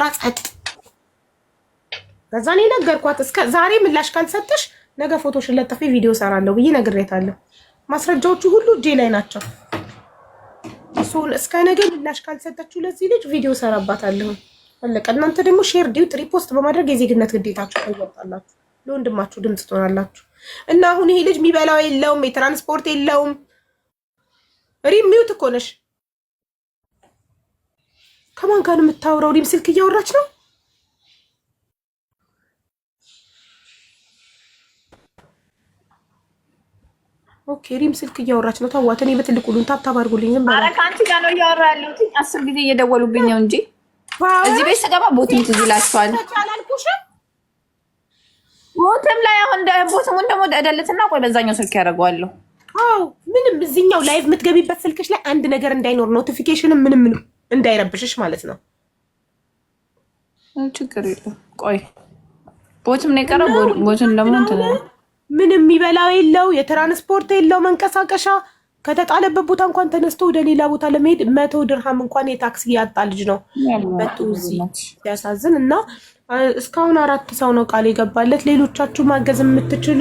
ራጸጥ ከዛ እኔ ነገርኳት። እስከ ዛሬ ምላሽ ካልሰጠሽ ነገ ፎቶሽን ለጥፌ ቪዲዮ ሰራለሁ ብዬ ነግሬታለሁ። ማስረጃዎቹ ሁሉ እጄ ላይ ናቸው። ሶል እስከ ነገ ምላሽ ካልሰጠችው ለዚህ ልጅ ቪዲዮ ሰራባታለሁ። አለቀ። እናንተ ደግሞ ሼር ዲዩት ሪፖስት በማድረግ የዜግነት ግዴታችሁ ታወጣላችሁ፣ ለወንድማችሁ ድምፅ ትሆናላችሁ። እና አሁን ይሄ ልጅ የሚበላው የለውም፣ የትራንስፖርት የለውም። ሪሚውት እኮ ነሽ ከማን ጋር ነው የምታወራው? እኔም ስልክ እያወራች ነው። ኦኬ ሪም ስልክ እያወራች ነው። ታዋት እኔ በትልቁ ሉን ታፕ ታፕ አድርጉልኝ። ዝም ብላ ከአንቺ ጋር ነው እያወራ ያለሁት። አስር ጊዜ እየደወሉብኝ ነው እንጂ እዚህ ቤት ስገባ ቦትም ትዝ ይላችኋል። ቦትም ላይ አሁን ቦትሙን ደግሞ እደልትና ቆይ በዛኛው ስልክ ያደርገዋለሁ። አዎ ምንም እዚኛው ላይቭ የምትገቢበት ስልክሽ ላይ አንድ ነገር እንዳይኖር ኖቲፊኬሽንም ምንም ነው እንዳይረብሽሽ ማለት ነው። ችግር የለም። ቆይ ቦትም ነው የቀረ ቦትን ደግሞ ምንም የሚበላው የለው፣ የትራንስፖርት የለው፣ መንቀሳቀሻ ከተጣለበት ቦታ እንኳን ተነስቶ ወደ ሌላ ቦታ ለመሄድ መቶ ድርሃም እንኳን የታክሲ ያጣ ልጅ ነው መጡ እዚህ ሲያሳዝን። እና እስካሁን አራት ሰው ነው ቃል የገባለት። ሌሎቻችሁ ማገዝ የምትችሉ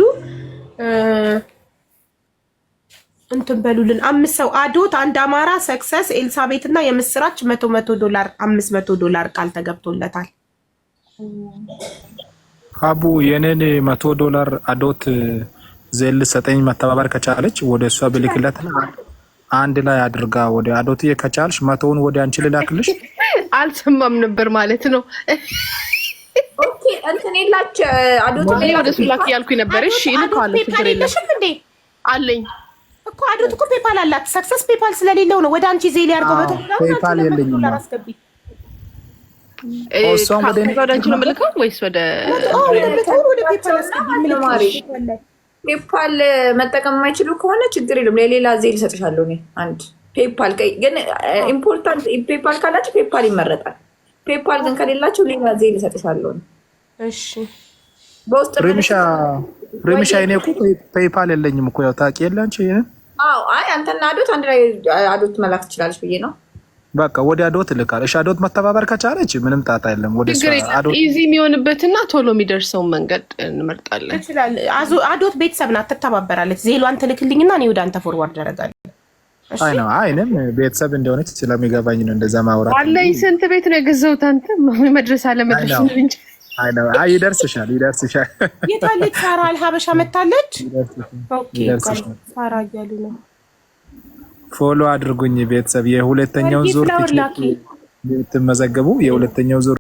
እንትን በሉልን አምስት ሰው አዶት አንድ አማራ ሰክሰስ ኤልሳቤት እና የምስራች መቶ መቶ ዶላር አምስት መቶ ዶላር ቃል ተገብቶለታል። አቡ የኔን መቶ ዶላር አዶት ዜል ሰጠኝ መተባበር ከቻለች ወደ እሷ ብልክለት አንድ ላይ አድርጋ ወደ አዶት ከቻልሽ መቶውን ወደ አንቺ ልላክልሽ። አልሰማም ነበር ማለት ነው። ኦኬ እንትን የላች አዶት ወደ ሱላክ ላክ ያልኩኝ ነበር። እሺ ይልካሉ። ችግር የለም አለኝ እኮ አድርት እኮ ፔፓል አላት። ሰክሰስ ፔፓል ስለሌለው ነው ወደ አንቺ ዜል ያርገው በተ ፔፓል የለኝም ወደ ወደ ነው አንቺ ወይስ ፔፓል መጠቀም የማይችሉ ከሆነ ችግር የለም። ለሌላ ዜል ይሰጥሻለሁ። እኔ አንድ ፔፓል ግን ኢምፖርታንት ፔፓል ካላቸው ፔፓል ይመረጣል። ፔፓል ግን ከሌላቸው ሌላ ዜል ይሰጥሻለሁ። እሺ በውስጥ ሪምሻ ሪምሻ እኔ እኮ ፔፓል የለኝም እኮ ያው ታውቂ የለ አንቺ ይሄንን አንተና አዶት አንድ ላይ አዶት መላክ ትችላለች ብዬ ነው። በቃ ወደ አዶት እልካለሁ። እሺ አዶት መተባበር ከቻለች ምንም ጣጣ የለም። ወደ ኢዚ የሚሆንበትና ቶሎ የሚደርሰውን መንገድ እንመርጣለን። አዶት ቤተሰብ ናት፣ ትተባበራለች። ዜሏን ትልክልኝና እኔ ወደ አንተ ፎርዋርድ አደርጋለሁ። አይ ነው አይንም ቤተሰብ እንደሆነች ስለሚገባኝ ነው እንደዛ ማውራት አለኝ። ስንት ቤት ነው የገዛሁት? አንተ መድረስ አለመድረስ ነው እንጂ አይ ይደርስሻል፣ ይደርስሻል። የታለች ሳራ አልሀበሻ መታለች። ኦኬ ሳራ እያሉ ነው ፎሎ አድርጉኝ ቤተሰብ። የሁለተኛው ዙር ትመዘገቡ የሁለተኛው ዙር